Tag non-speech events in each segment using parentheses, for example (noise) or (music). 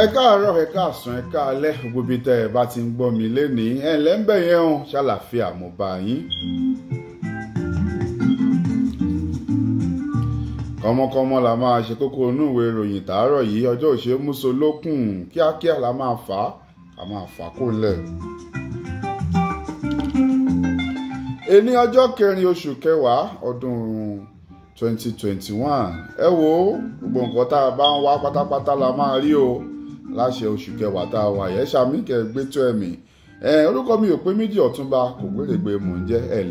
ẹ káàárọ̀ ẹ káàsán ẹ káalẹ́ gbogbo tẹ ẹ bá ti ń gbọ́ mi lénìí ẹ ǹlẹ́ ń bẹ̀ yẹn o ṣàlàfíà mo bá yín. kọmọkọmọ la máa ṣe kókó inú ìwé ìròyìn tàárọ̀ yìí ọjọ́ òṣèré múso lókùn kíákíá la máa fà á a máa fà kó lẹ̀. èní ọjọ́ kẹrin oṣù kẹwàá ọdún 2021 ẹ wo gbogbo nǹkan tá a bá ń wá pátápátá la máa rí o. láṣẹ oṣù kẹwàá tá a wà yẹn ṣàmì kẹ gbé tó ẹ̀mí ẹ orúkọ mi ò pé méjì ọ̀túnba kò gbèrègbè e, mò ń jẹ́ yẹn.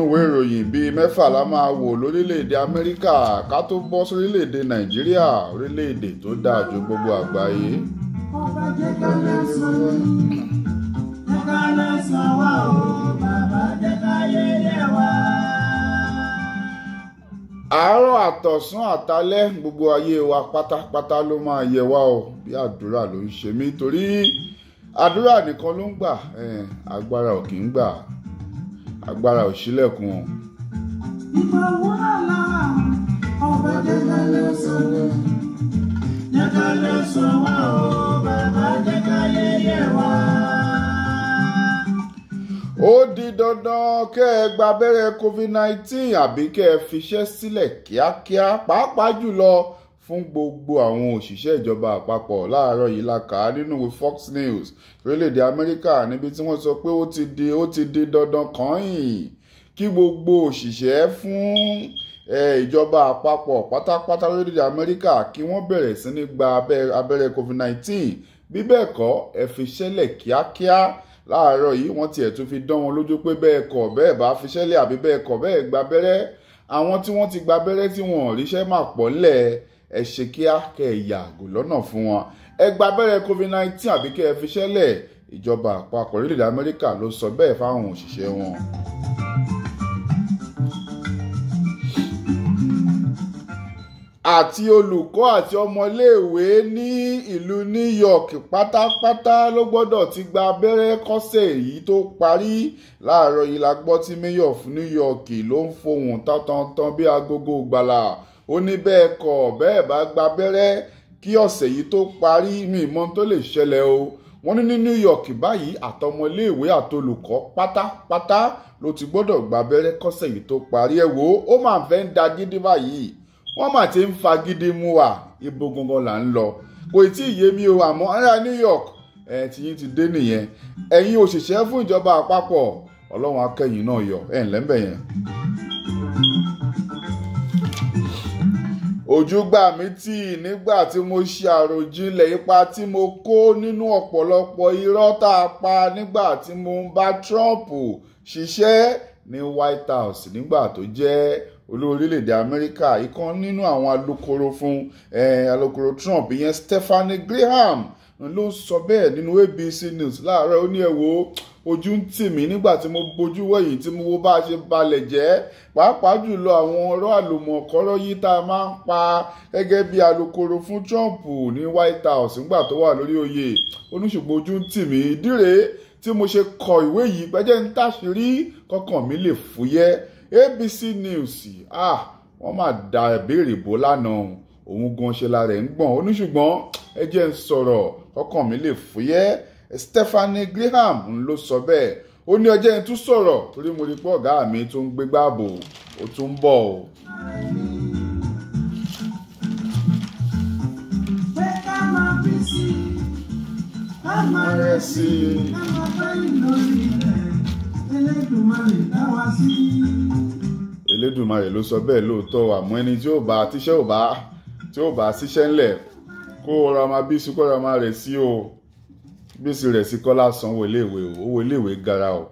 ìròyìn bíi mẹ́fà la máa wò lórílẹ̀‐èdè amẹ́ríkà ká tó bọ́ sórílẹ̀‐èdè nàìjíríà orílẹ̀‐èdè tó gbogbo àgbáyé. ọba jẹ́ ká ká wá o àárọ̀ àtọ̀sán àtalẹ́ gbogbo ayé wa pátápátá ló máa yẹ wá o bí àdúrà ló ń ṣe mí torí àdúrà nìkan ló ń gbà agbára ò kì í gbà agbára ò ṣílẹ̀kùn. ìgbà àlá ọba jẹ́ká lè sọ jẹ́ká lè sọ wá o bàbá jẹ́ká lè yẹ wá ó di dandan kẹ́ ẹ gba abẹ́rẹ́ covid-19 àbí kẹ́ ẹ fiṣẹ́ sílẹ̀ kíákíá pàápàá jùlọ fún gbogbo àwọn òṣìṣẹ́ ìjọba àpapọ̀ láàárọ̀ yìí la kà á nínú Fox News orílẹ̀-èdè Amẹ́ríkà níbi tí wọ́n sọ pé ó ti di ó ti di dandan kàn-ín kí gbogbo òṣìṣẹ́ fún ìjọba àpapọ̀ pátápátá orílẹ̀-èdè Amẹ́ríkà kí wọ́n bẹ̀rẹ̀ sí ní gba abẹ́rẹ́ COVID-19 bí bẹ́ẹ̀ kọ́ ẹ fi kíákíá láàárọ̀ yìí wọ́n tiẹ̀ tún fi dán wọn lójú pé bẹ́ẹ̀ kọ́ bẹ́ẹ̀ bá fiṣẹ́ lé àbí bẹ́ẹ̀ kọ́ bẹ́ẹ̀ gba abẹ́rẹ́ àwọn tí wọ́n ti gba abẹ́rẹ́ tí wọ́n ríṣẹ́ máa pọ̀ ńlẹ̀ ẹ ṣe kíá kẹ́ ẹ yàgò lọ́nà fún wọn ẹ gba abẹ́rẹ́ covid nineteen àbí kẹ́ ẹ fiṣẹ́ lẹ̀ ìjọba àpapọ̀ orílẹ̀-èdè Amẹ́ríkà ló sọ bẹ́ẹ̀ fáwọn òṣìṣẹ́ wọn. àti olùkọ́ àti ọmọléèwé ní ìlú New York pátápátá ló gbọ́dọ̀ ti gba abẹ́rẹ́ kọ́sẹ̀ èyí tó parí láàárọ̀ yìí la gbọ́ tí mayor of New York ló ń fohùn tantantan bí agogo gbàlà ó ní bẹ́ẹ̀ kọ́ bẹ́ẹ̀ bá gba abẹ́rẹ́ kí ọ̀sẹ̀ yìí tó parí inú ìmọ̀ tó lè ṣẹlẹ̀ o wọ́n ní ní New York báyìí àtọmọléèwé àtolùkọ́ pátápátá ló ti gbọ́dọ̀ gba abẹ́rẹ́ kọ́sẹ̀ yìí tó parí ẹ̀ wò ó máa fẹ́ ń da gidi báyìí wọ́n mà ti ń fagídí mú wa ibo gangan là ń lọ kò tí ì yé mi o àmọ́ ará New York ẹ̀ tí yín ti dé nìyẹn ẹ̀yin òṣìṣẹ́ fún ìjọba àpapọ̀ ọlọ́run akẹ́yìn náà yọ ẹ̀ ǹlẹ́ mbẹ̀ yẹn. ojú gbà mí tì nígbà tí mo ṣe àròjinlẹ̀ ipa tí mo kó nínú ọ̀pọ̀lọpọ̀ irọ́ tá a pa nígbà tí mo ń bá Trump ṣiṣẹ́ ní White House nígbà tó jẹ́ olórí orílẹ̀-èdè amẹ́ríkà ìkan nínú àwọn alukoro fún eh, alukoro trump ìyẹn stephanie graham ló ń sọ bẹ́ẹ̀ nínú abc news láàárọ̀ ó ní ẹ wo ojú ń tì mí nígbà tí mo bojú wẹ̀yìn tí mo wo bá a ṣe balẹ̀ jẹ́ pàápàá jùlọ àwọn ọ̀rọ̀ àlùmọ̀kọ́rọ́ yìí tá a máa ń pa gẹ́gẹ́ bí alukoro fún Trump ní White House nígbà tó wà lórí oyè oníṣùgbọ́n ojú ń tì mí ìdí rèé tí mo ṣe kọ ìwé yìí pẹ́jẹ́ ń tàṣírí kọ́kàn mi lè fúyẹ́ abc news ah wọ́n máa da ìbéèrè bò lánàá òun gan ṣe la rẹ̀ ń gbọ̀n ó ní ṣùgbọ́n ẹ jẹ́ ń sọ̀rọ̀ ọkàn mi lè fúyẹ́ Stephanie Graham ń ló sọ bẹ́ẹ̀ ó ní ọjọ́ yẹn tún sọ̀rọ̀ torí mo rí pé ọ̀gá mi tó ń gbé gbààbò ó tún ń bọ̀ o. pé ká máa bí sí i ká máa rẹ̀ sí i ká máa bá ìlú rí rẹ̀. Elédùmarè dá wa sí. Elédùmarè ló sọ bẹ́ẹ̀ lóòótọ́ àmọ́ ẹni tí ó bá tíṣẹ́ ò bá tí ó bá síṣẹ́ ńlẹ̀ kó ra máa bí sukọ́ ra máa rẹ̀ sí o gbèsè rẹ̀ sí kọ́lá sanwó iléèwé o owó iléèwé gara o.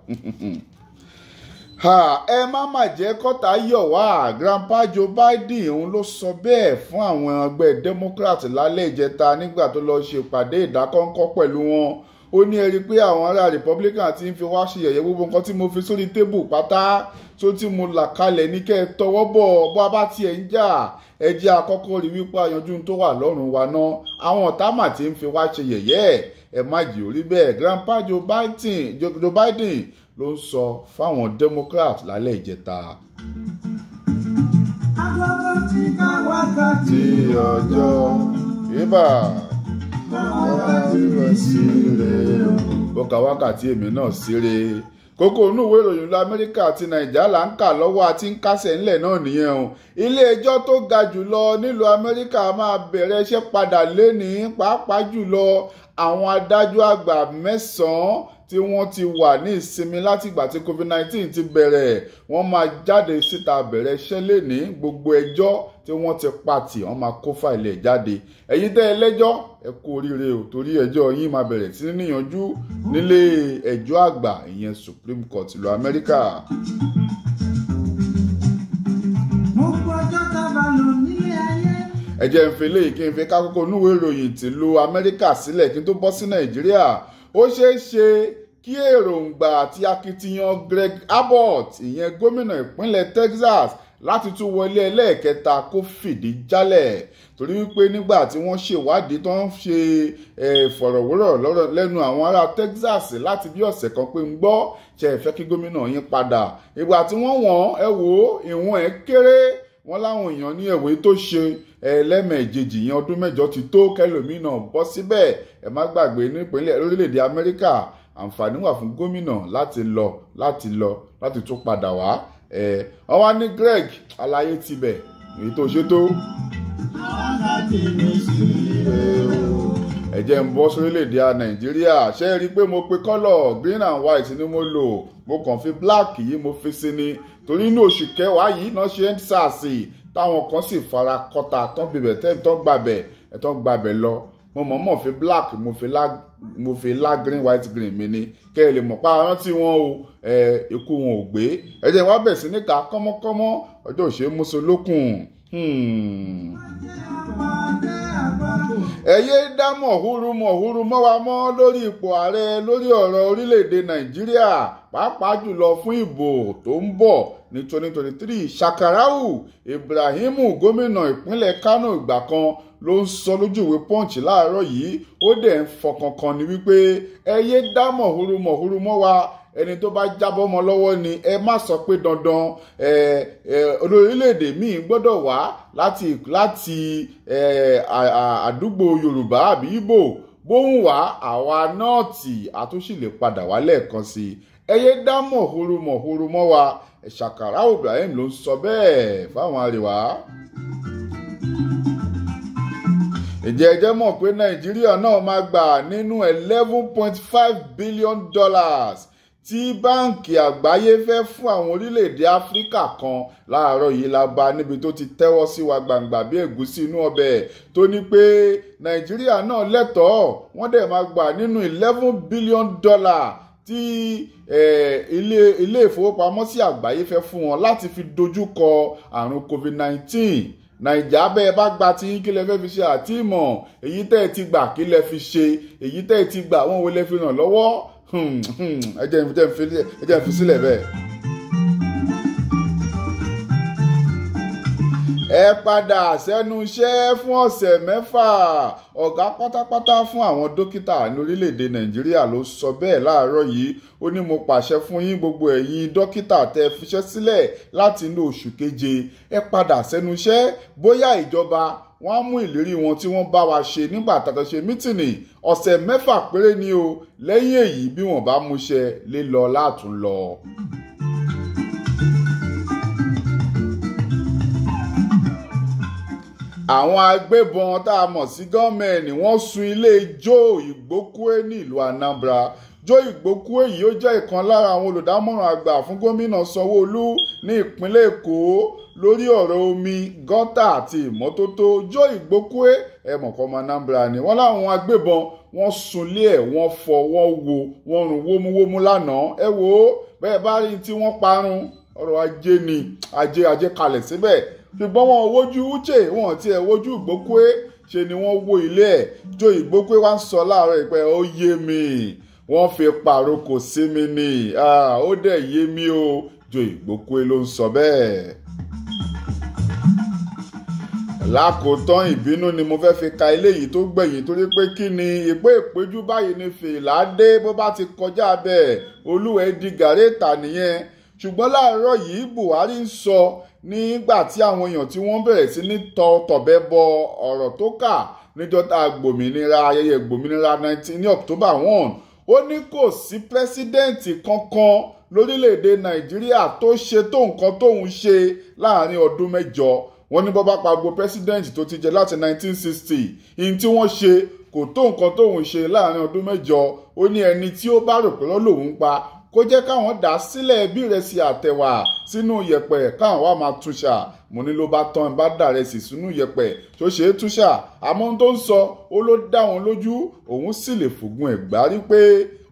(laughs) ẹ má má jẹ́ kọ́ta yọ̀ wá grandpa Joe Biden òun ló sọ bẹ́ẹ̀ fún àwọn ẹgbẹ́ Democrat lálẹ́ ìjẹta nígbà tó lọ́ọ́ ṣèpàdé ìdákọ́ńkọ́ pẹ̀lú wọn ó ní ẹ̀rí pé àwọn ará republican ti ń fi wá ṣe yẹ̀yẹ́ gbogbo nǹkan tí mo fi sórí tébù pátá tó tí mo là kalẹ̀ ní kẹ́ ẹ tọwọ́ bọ̀ bó a bá tiẹ̀ ń jà ẹ jẹ́ àkọ́kọ́ rí wípé àyanjú tó wà lọ́rùn wa náà àwọn ọ̀tá mà ti ń fi wá ṣe yẹ̀yẹ́ ẹ má jì orí bẹ́ẹ̀ grandpa joe biden joe biden ló ń sọ fáwọn democrat lálẹ́ ìjẹta. agbọ́dọ̀ ti ká wákàtí ọjọ́ ibà ó ka wákàtí èmi náà síre kókó inú ìwé ìròyìn lamẹ́ríkà àti nàìjà là ń kà lọ́wọ́ àti ń kásẹ̀ ńlẹ̀ náà nìyẹn o ilé-ẹjọ́ tó ga jùlọ nílùú amẹ́ríkà máa bẹ̀rẹ̀ iṣẹ́ padà lénìí pàápàá jùlọ àwọn adájọ́ àgbà mẹ́sàn-án tí wọ́n ti wà ní ìsinmi látìgbà tí covid-19 ti bẹ̀rẹ̀ wọ́n máa jáde síta bẹ̀rẹ̀ iṣẹ́ lẹ́ni gbogbo ẹjọ́ tí wọ́n ti pa tì wọ́n máa kó fàìlẹ̀ jáde ẹ̀yin tẹ́ ẹlẹ́jọ́ ẹ kú oríire ò torí ẹjọ́ yín máa bẹ̀rẹ̀ sí níyànjú nílé ẹjọ́ àgbà ìyẹn Supreme Court ìlú Amẹ́ríkà. mo kú ọjọ́ tábà lò nílé ayé ẹ jẹ́ n fi eléyìí kí n fi ká kókó núwèé ìròyìn tìlú Amẹ́ríkà sílẹ̀ kí n tó bọ́ sí Nàìjíríà ó ṣeé ṣe kí èròǹgbà àti akitiyan Greg Abbott ìyẹn gómìnà ìpínlẹ̀ Texas láti tún wọlé ẹlẹ́ẹ̀kẹta kó fìdí jálẹ̀ torí wípé nígbà tí wọ́n ṣèwádìí tó ń ṣe ìfọ̀rọ̀wérọ̀ lẹ́nu àwọn ará Texas láti bí ọ̀sẹ̀ kan pé ń gbọ́ ṣe ìfẹ́ kí gómìnà yín padà ìgbà tí wọ́n wọ̀n ẹ wò ó ìwọ̀n ẹ kéré wọ́n láwọn èèyàn ní èwe tó ṣe ẹlẹ́mẹ̀ẹ́jejì yẹn ọdún mẹ́jọ ti tó kẹlòmínà bọ́ síbẹ̀ ẹ má gbàgbé nípínlẹ̀ orílẹ̀-èdè amẹ́ríkà àǹfààní wà fún gómìnà láti lọ láti lọ láti tún padà wá ẹ wọ́n wá ní Greg aláyé tibẹ̀ èyí tó ṣe tó. ẹ ń bọ́ sórílẹ̀-èdè nàìjíríà ṣé ẹ rí i pé mo pe kọ́lọ̀ green and white ni mo lò mo kàn fi black yìí mo fi sí ni torí inú oṣù kẹwàá yìí náà ṣe ń sàásì táwọn kan sì fara kọta tán bẹ̀bẹ̀ tán gbàbẹ̀ tán gbàbẹ̀ lọ mo mọ̀ mọ̀ fi black mo fi lá mo fi lá green white green mi ni kẹ́ ẹ lè mọ̀ pa rántí wọn o ẹ ikú wọn ò gbé ẹ jẹ́ wá bẹ̀ sí níta kọ́mọ́kọ́mọ́ ọjọ́ òṣèré mọ́sọ lókun. Hmm ẹ̀yẹ dá mọ̀húrú mọ̀húrú mọ́ wa mọ́ lórí ipò ààrẹ lórí ọ̀rọ̀ orílẹ̀-èdè nàìjíríà pàápàá jùlọ fún ìbò tó ń bọ̀ ní 2023 shakarau ibrahimu gómìnà ìpínlẹ̀ kánò ìgbà kan ló ń sọ lójú punch láàárọ̀ yìí ó dẹ̀ ń fọkàn kan ní wípé ẹ̀yẹ dá mọ̀húrú mọ̀húrú mọ́ wa ẹni tó bá jábọ́ ọmọ lọ́wọ́ ni ẹ má sọ pé dandan orílẹ̀-èdè míì gbọ́dọ̀ wá láti láti àdúgbò Yorùbá àbí Ìgbò bóun wá àwa nọ́ọ̀tì àtúnṣì lè padà wá lẹ́ẹ̀kan sí i ẹyẹ dá mọ̀húrú mọ̀húrú mọ́ wa ṣàkàrà Ibrahim ló ń sọ bẹ́ẹ̀ fáwọn àríwá ǹjẹ́ ẹ jẹ́ mọ̀ pé nàìjíríà náà máa gbà nínú eleven point five billion dollars tí báǹkì àgbáyé fẹ́ fún àwọn orílẹ̀-èdè áfíríkà kan láàárọ̀ yìí la bá níbi tó ti tẹ́wọ́ sí wa gbangba bí ẹ̀gúsí inú ọbẹ̀ tó ní pé nàìjíríà náà lẹ́tọ̀ọ́ wọ́n dẹ̀ máa gbà nínú eleven billion dollar tí ilé ilé ìfowópamọ́sí àgbáyé fẹ́ fún wọn láti fi dojú kọ àrùn covid nineteen nàìjà bẹ́ ẹ bá gba tí kí lẹ fẹ́ fi ṣe àtìmọ̀ èyí tẹ́ ẹ ti gbà kí lẹ fi ṣe èyí tẹ́ ẹ ti gbà wọ́n wo lẹ fi ràn lọ́wọ́ Hmm, hmm, ẹ jẹ́ fi sílẹ̀ bẹ́ẹ̀. ẹ padà sẹ́nu iṣẹ́ fún ọ̀sẹ̀ mẹ́fà ọ̀gá pátápátá fún àwọn dókítà ní orílẹ̀-èdè nàìjíríà ló sọ bẹ́ẹ̀ láàárọ̀ yìí ó ní mo pàṣẹ fún yín gbogbo ẹ̀yin dókítà tẹ fiṣẹ́ sílẹ̀ láti inú oṣù keje ẹ padà sẹ́nu iṣẹ́ bóyá ìjọba wọ́n á mú ìlérí wọn tí wọ́n bá wa ṣe nígbà tàtà ṣe mítìnì ọ̀sẹ̀ mẹ́fà péré ni o lẹ́yìn èyí bí wọ́n bá múṣẹ lílọ látún lọ. àwọn agbébọn tá a mọ̀ sí gọ́ọ̀mẹ̀nì wọ́n sun ilé Joe Igbokwe nílùú Anambra Joe Igbokwe yìí ó jẹ́ ìkan lára àwọn olùdámọ̀ràn àgbà fún gómìnà sanwó ní ìpínlẹ̀ Èkó lórí ọ̀rọ̀ omi gọ́tà àti ìmọ́tótó Joe Igbokwe ẹ̀mọ̀kọ́ ọmọ Anambra ni wọ́n láwọn agbébọn wọ́n sunlé ẹ̀ wọ́n fọ wọ́n wo wọ́n rún wómúwómú lánàá ẹ wo bẹ́ẹ̀ bá rí tí wọ́n parun ọrọ̀ ajé ni ajé ajé kalẹ̀ síbẹ̀ ṣùgbọ́n wọn wojú Uche wọn tiẹ̀ wojú Igbokwe ṣe ni wọ́n wo ilé ẹ̀ Joe Igbokwe wá ń sọ láàárọ̀ ìpẹ́ ó yé mi wọ́n fi pàrokò sí mi ni ó dẹ̀ yé mi o Joe Igbokwe ló ń sọ bẹ́ẹ̀ lákòótán ìbínú ni mo fẹ́ fi ka eléyìí tó gbẹ̀yìn torí pé kí ni ìpé ìpéjú báyìí ni fèèlà dé bó bá ti kọjá bẹ́ẹ̀ olúwa di gàrétà nìyẹn ṣùgbọ́n láàárọ̀ yìí Buhari ń sọ nígbà tí àwọn èèyàn tí wọ́n bẹ̀rẹ̀ sí ní tọ tọ̀bẹ bọ ọ̀rọ̀ tó kà níjọta gbòmìnira ayẹyẹ gbòmìnira 19 ní October 1 ó ní kò sí pírẹsidẹ́ǹtì kankan lórílẹ̀‐èdè Nàìjíríà tó ṣe tó nǹkan tóun ṣe láàrin ọdún mẹ́jọ wọ́n ní bọ́bá pàgbo president tó ti jẹ láti 1960 ihun tí wọ́n ṣe kò tó nǹkan tóun ṣe láàrin ọdún mẹ́jọ ó ní ẹni tí ó bá rò pé lọ́lọ́hún pa kó jẹ́ káwọn dà sílẹ̀ bí ìrẹsì àtẹ̀wà sínú yẹ̀pẹ̀ káwọn wá máa túnṣà mo ní ló bá tán bá dàrẹsì sínú yẹ̀pẹ̀ tó ṣe é túnṣà àmọ́ ohun tó ń sọ ó ló dá òun lójú òun sì lè fògùn ẹ̀gbá rí pé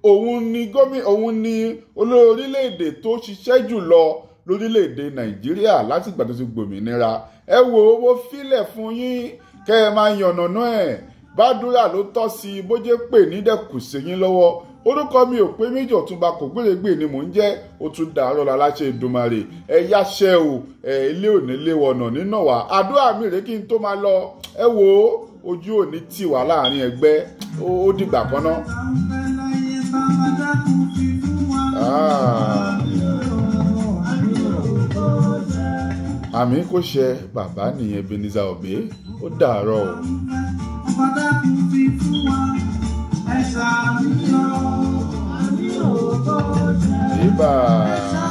òun ni gómìn òun ni olórí orílẹ̀-èdè tó ṣiṣẹ́ jù lọ lórílẹ̀-èdè nàìjíríà látìgbà tó ti gbòmìnira ẹ wo ó filẹ̀ fún yín kẹ́ ẹ máa yànnàná ẹ̀ bádúrà ló tọ́ sí i bójú pè nídẹ̀kù sí yín lọ́wọ́ orúkọ mi ò pé méjì ọ̀túnba kò gbèrègbè ni mò ń jẹ́ ó tún dàárọ̀ láláṣẹ ìdùmarè ẹ yáṣẹ́ o ẹ ilé ò ní lé wọ̀nà nínà wá àdúrà mi rèé kí n tó máa lọ ẹ wò ó ojú ò ní tì wá láàrin ẹgbẹ́ ó dìgbà kan náà. Ah. àmì kò ṣe bàbá nìyẹn Ebenezer Obey ó dàárọ̀ o. bàbá mi fi fún wa ẹ̀sà mi yọ àmì òkò jẹ́ ẹ̀sà.